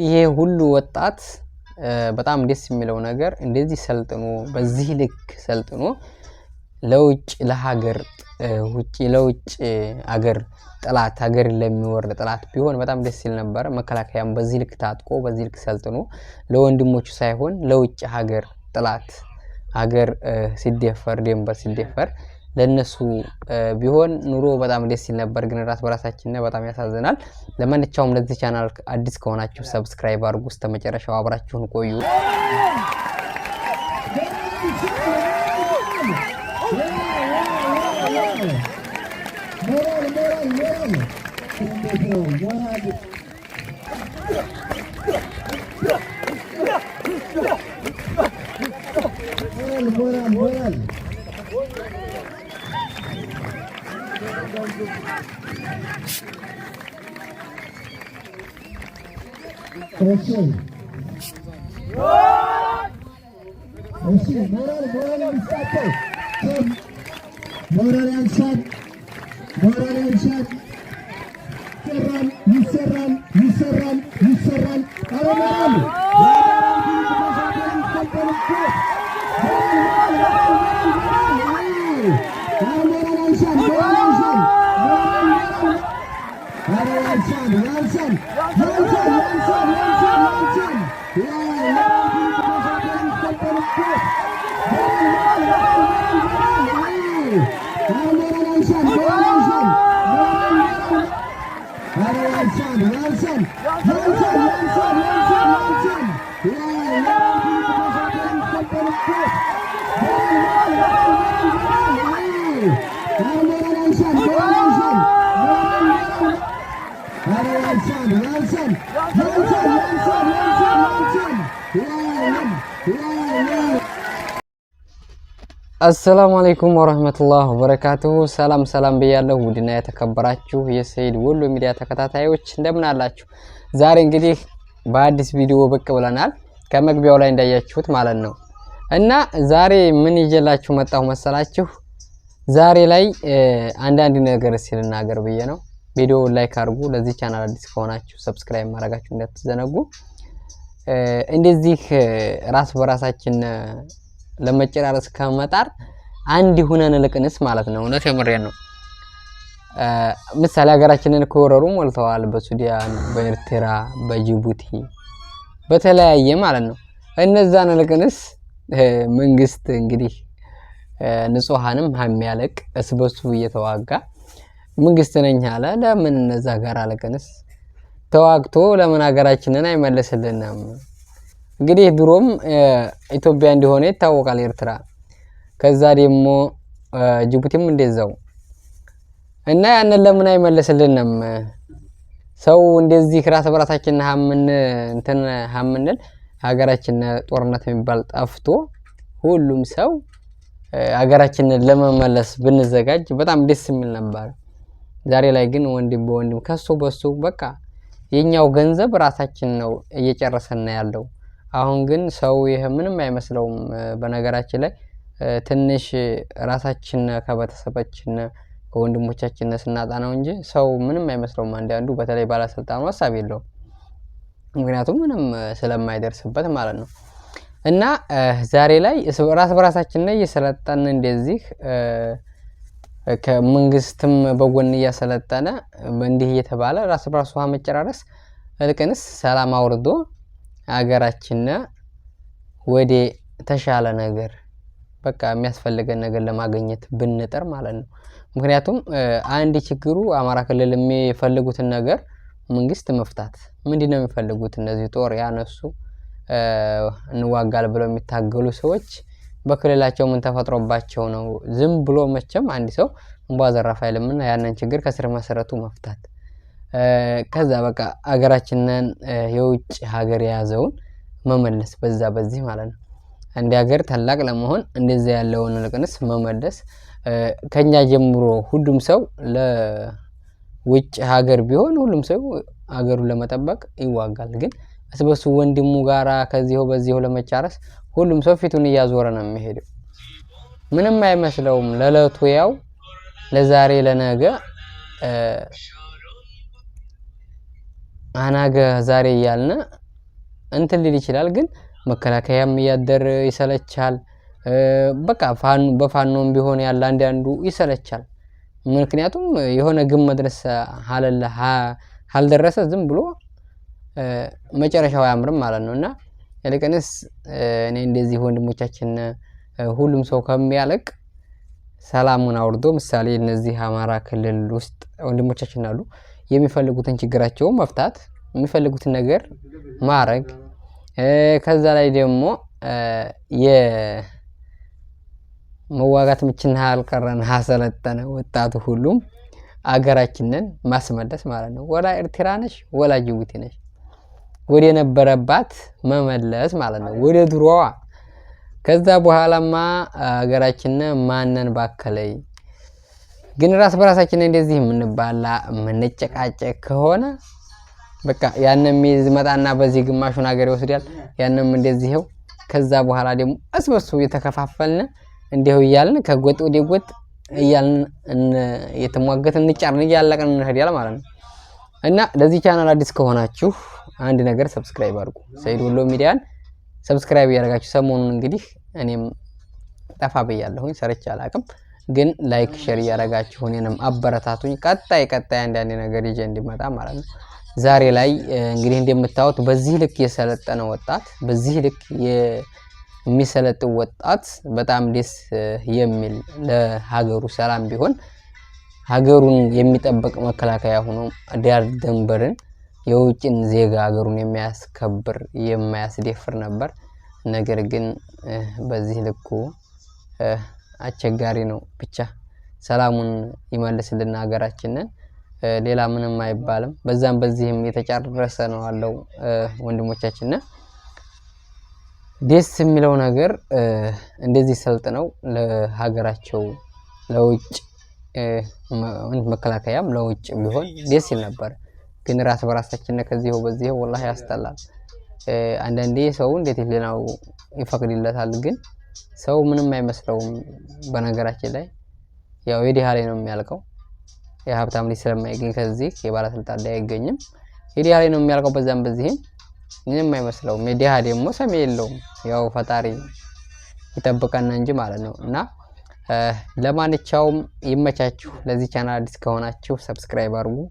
እንግዲህ ይሄ ሁሉ ወጣት በጣም ደስ የሚለው ነገር እንደዚህ ሰልጥኖ በዚህ ልክ ሰልጥኖ ለውጭ ለሀገር ውጭ ለውጭ አገር ጠላት ሀገር ለሚወርድ ጠላት ቢሆን በጣም ደስ ይል ነበረ። መከላከያም በዚህ ልክ ታጥቆ በዚህ ልክ ሰልጥኖ ለወንድሞቹ ሳይሆን ለውጭ ሀገር ጠላት ሀገር ሲደፈር፣ ድንበር ሲደፈር ለነሱ ቢሆን ኑሮ በጣም ደስ ሲል ነበር፣ ግን ራስ በራሳችን በጣም ያሳዝናል። ለማንኛውም ለዚህ ቻናል አዲስ ከሆናችሁ ሰብስክራይብ አድርጉ። እስከ መጨረሻው አብራችሁን ቆዩ። ሞራል ሞራል Olsun. Olsun. Moral, moral Emşat. Moral Emşat. Moral Emşat. Serran, Yüserran, Yüserran, Yüserran. Alın, አሰላሙ አለይኩም ወረህመቱላህ ወበረካቱሁ። ሰላም ሰላም ብያለሁ። ውድና የተከበራችሁ የሰይድ ወሎ ሚዲያ ተከታታዮች እንደምን አላችሁ? ዛሬ እንግዲህ በአዲስ ቪዲዮ ብቅ ብለናል ከመግቢያው ላይ እንዳያችሁት ማለት ነው። እና ዛሬ ምን ይዤላችሁ መጣሁ መሰላችሁ? ዛሬ ላይ አንዳንድ ነገር ሲልናገር ልናገር ብዬ ነው። ቪዲዮውን ላይክ አድርጉ። ለዚህ ቻናል አዲስ ከሆናችሁ ሰብስክራይብ ማድረጋችሁ እንዳትዘነጉ። እንደዚህ ራስ በራሳችን ለመጨራረስ ከመጣር አንድ ሁነን ልቅንስ ማለት ነው። እውነት የምሬን ነው። ምሳሌ ሀገራችንን ከወረሩ ሞልተዋል። በሱዳን፣ በኤርትራ፣ በጅቡቲ በተለያየ ማለት ነው። እነዛን ልቅንስ መንግስት እንግዲህ ንጹሐንም ሀሚያለቅ እስበሱ እየተዋጋ መንግስት ነኝ አለ። ለምን እነዛ ጋር አለቅንስ ተዋግቶ ለምን ሀገራችንን አይመልስልንም? እንግዲህ ድሮም ኢትዮጵያ እንደሆነ ይታወቃል። ኤርትራ ከዛ ደግሞ ጅቡቲም እንደዛው እና ያንን ለምን አይመልስልንም? ሰው እንደዚህ ራስ በራሳችን ሀምን እንትን ሀምንል ሀገራችን ጦርነት የሚባል ጠፍቶ ሁሉም ሰው ሀገራችንን ለመመለስ ብንዘጋጅ በጣም ደስ የሚል ነበር። ዛሬ ላይ ግን ወንድም በወንድም ከሱ በሱ በቃ የኛው ገንዘብ ራሳችን ነው እየጨረሰና ያለው። አሁን ግን ሰው ይሄ ምንም አይመስለውም። በነገራችን ላይ ትንሽ ራሳችን ከቤተሰባችን ከወንድሞቻችን ስናጣ ነው እንጂ ሰው ምንም አይመስለውም። አንዳንዱ በተለይ ባለስልጣኑ ሀሳብ የለው ምክንያቱም ምንም ስለማይደርስበት ማለት ነው። እና ዛሬ ላይ ራስ በራሳችን ላይ እየሰለጠን እንደዚህ ከመንግስትም በጎን እያሰለጠነ እንዲህ እየተባለ ራስ በራስ ውሃ መጨራረስ እልቅንስ ሰላም አውርዶ አገራችን ወደ ተሻለ ነገር በቃ የሚያስፈልገን ነገር ለማግኘት ብንጥር ማለት ነው። ምክንያቱም አንድ ችግሩ አማራ ክልል የሚፈልጉትን ነገር መንግስት መፍታት ምንድን ነው የሚፈልጉት? እነዚህ ጦር ያነሱ እንዋጋል ብለው የሚታገሉ ሰዎች በክልላቸው ምን ተፈጥሮባቸው ነው? ዝም ብሎ መቼም አንድ ሰው እንቧ ዘራፍ አይልምና ያንን ችግር ከስር መሰረቱ መፍታት ከዛ በቃ አገራችንን የውጭ ሀገር የያዘውን መመለስ በዛ በዚህ ማለት ነው። እንደ ሀገር ታላቅ ለመሆን እንደዚያ ያለውን ልቅንስ መመለስ ከኛ ጀምሮ ሁሉም ሰው ለውጭ ሀገር ቢሆን ሁሉም ሰው ሀገሩን ለመጠበቅ ይዋጋል። ግን እስበሱ ወንድሙ ጋራ ከዚሁ በዚሁ ለመጫረስ ሁሉም ሰው ፊቱን እያዞረ ነው የሚሄደው። ምንም አይመስለውም። ለዕለቱ ያው ለዛሬ ለነገ አናገ ዛሬ ያልነ እንትን ሊል ይችላል ግን መከላከያም እያደር ይሰለቻል። በቃ በፋኖም ቢሆን ያለ አንዳንዱ ይሰለቻል። ምክንያቱም የሆነ ግን መድረስ አለለ አልደረሰ ዝም ብሎ መጨረሻው አያምርም ማለት ነው እና ይልቅንስ እኔ እንደዚህ ወንድሞቻችን ሁሉም ሰው ከሚያለቅ ሰላሙን አውርዶ ምሳሌ እነዚህ አማራ ክልል ውስጥ ወንድሞቻችን አሉ የሚፈልጉትን ችግራቸው መፍታት የሚፈልጉትን ነገር ማረግ ከዛ ላይ ደግሞ የመዋጋት ምችን አልቀረን ሀሰለጠነ ወጣቱ ሁሉም አገራችንን ማስመለስ ማለት ነው። ወላ ኤርትራ ነሽ ወላ ጅቡቲ ነሽ ወደ ነበረባት መመለስ ማለት ነው፣ ወደ ድሮዋ። ከዛ በኋላማ አገራችንን ማነን ባከለይ። ግን ራስ በራሳችን እንደዚህ የምንባላ የምንጨቃጨቅ ከሆነ በቃ ያንም ይመጣና በዚህ ግማሹን ሀገር ይወስዳል። ያንም እንደዚህ ይኸው። ከዛ በኋላ ደግሞ እስ በሱ እየተከፋፈልን እንዲሁ እያልን ከጎጥ ወደ ጎጥ እያልን እየተሟገት እንጫርን እያለቅን እንሄዳል ማለት ነው። እና ለዚህ ቻናል አዲስ ከሆናችሁ አንድ ነገር ሰብስክራይብ አድርጉ። ሰይድ ወሎ ሚዲያን ሰብስክራይብ እያደረጋችሁ ሰሞኑን እንግዲህ እኔም ጠፋ ብያለሁኝ፣ ሰርቼ አላቅም። ግን ላይክ ሼር እያደረጋችሁ እኔንም አበረታቱኝ። ቀጣይ ቀጣይ አንዳንድ ነገር ይዤ እንዲመጣ ማለት ነው። ዛሬ ላይ እንግዲህ እንደምታዩት በዚህ ልክ የሰለጠነ ወጣት በዚህ ልክ የሚሰለጥን ወጣት በጣም ደስ የሚል ለሀገሩ ሰላም ቢሆን ሀገሩን የሚጠብቅ መከላከያ ሆኖ ዳር ደንበርን የውጭን ዜጋ ሀገሩን የሚያስከብር የማያስደፍር ነበር። ነገር ግን በዚህ ልኩ አስቸጋሪ ነው። ብቻ ሰላሙን ይመልስልን ሀገራችንን። ሌላ ምንም አይባልም። በዛም በዚህም የተጨረሰ ነው አለው ወንድሞቻችን ደስ የሚለው ነገር እንደዚህ ሰልጥ ነው ለሀገራቸው ለውጭ መከላከያም ለውጭ ቢሆን ደስ ይል ነበር። ግን ራስ በራሳችን ከዚህ በዚህ ወላሂ ያስጠላል። አንዳንዴ ሰው እንዴት ሌላው ይፈቅድለታል፣ ግን ሰው ምንም አይመስለውም። በነገራችን ላይ ያው የድሃ ላይ ነው የሚያልቀው። የሀብታም ልጅ ስለማይገኝ ከዚህ የባለስልጣን ላይ አይገኝም። የድሃ ላይ ነው የሚያልቀው። በዛም በዚህም ምንም አይመስለውም። ሚዲያ ደግሞ ሰሚ የለውም። ያው ፈጣሪ ይጠብቀና እንጂ ማለት ነው። እና ለማንቻውም ይመቻችሁ። ለዚህ ቻናል አዲስ ከሆናችሁ ሰብስክራይብ አድርጉ።